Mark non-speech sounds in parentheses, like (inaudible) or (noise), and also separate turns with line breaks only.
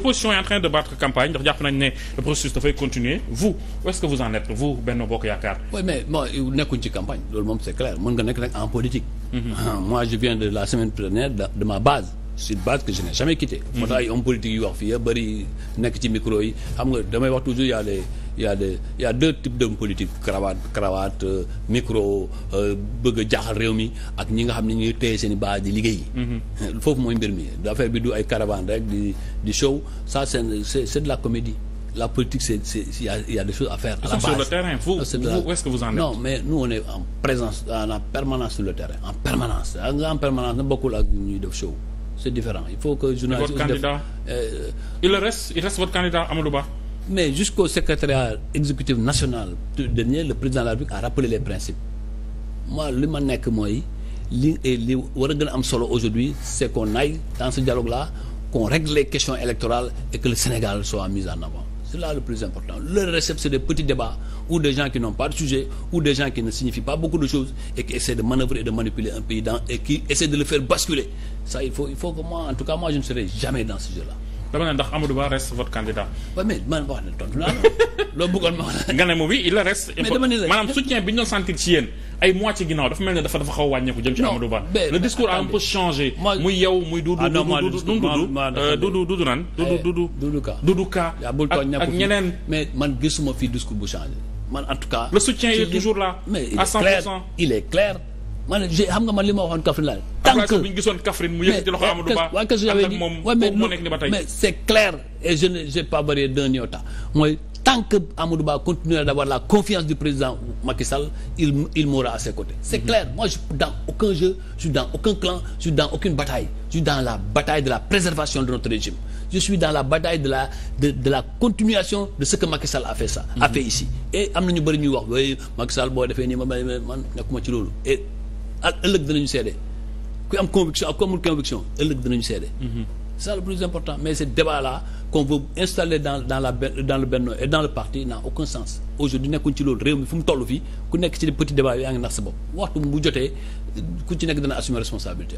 opposition est en train de battre campagne ndax jàpp nañu ne le processus dafay continuer vous où est-ce que vous en êtes vous Benno
Bokk Yaakaar. oui mais bon nekkuñ ci campagne loolu moom c'est clair mën nga nekk nag en politique. Mhm. Ah, je viens de la semaine dernière de ma base. c'est une que je n'ai jamais quittée. Mhm. moo tax ay hommes politiques yu wax fii ya ci micro yi xam nga damay toujours y les. il y a des il y a deux types d'hommes politiques cravate euh, euh, bëgg a jaaxal réew mi ak ñi nga xam ne ñuy téye seen i base di liggéey. Mm-hmm. foofu mooy mbir mi affaire bi du ay caravane rek di di show ça c'est c'est de la comédie. la politique c'est c'est il y a il a à faire. Ah, la base sur le terrain vous, ah, vous où est-ce que vous en mais nous on en présence en permanence sur le terrain en permanence en permanence na bokkul ak ñuy def show c'est différent il faut que journaliste. votre candidat euh, il il reste votre candidat Amadou mais jusqu'au secrétariat exécutif national tout dernier le président de la République a rappelé les principes moi li ma nekk mooy li li war a gën a am solo aujourd'hui aille dans ce dialogue là qu'on règle les questions électorales et que le Sénégal soit mis en avant c'est le plus important le reste des petits débats ou des gens qui n'ont pas de sujet ou des gens qui ne signifient pas beaucoup de choses et qui essaient de manœuvrer et de manipuler dama ne ndax Amadou Ba reste votre candidat. waaw mais man ma wax la tontu laa (laughs) loo bëggoon ma wax la. nga ne ma oui il reste.
mais dama ni soutien bi ñu doon ci yéen ay mois ci ginnaaw dafa mel ne dafa dafa xaw a wàññeeku jëm ci Amadou le discours a un peu changé. muy yow muy Doudou ah, euh, Doudou Doudou nan Doudou
Doudou eh, Doudou Ka ak ñeneen. mais man gisuma fii discours bu changé man en tout cas. le soutien est toujours là. à 100 pour cent il est clair il est clair man xam nga man li ma waxoon tant que bu ñu gisoon Kaffrine mu yëkkati loxo Amadou Ba waaye qu'est-ce la confiance du président Macky Sall il il mourra à ses côtés c'est mm -hmm. clair moi je suis dans aucun jeu dans aucun clan dans aucune bataille la bataille de la préservation de notre régime je suis dans la bataille de la de la continuation de ce que Macky Sall a fait ça a mm-hmm. fait ici et am na ñu bëri ñuy wax oui Macky Sall boo defee nii ma man nekkuma ci loolu et ëllëg danañu seede ku am conviction ak ku amul conviction ëllëg dinañu seede. Mhm. c'est ça le plus important mais ce débat là qu'on veut installer dans la dans le Benno et dans le parti n'a aucun sens aujourd'hui nekkuñ ci loolu réew mi fu mu toll fii ku nekk ci petit débat yi yaa nax sa bopp waxtu bu jotee ku ci nekk dana assumer responsabilité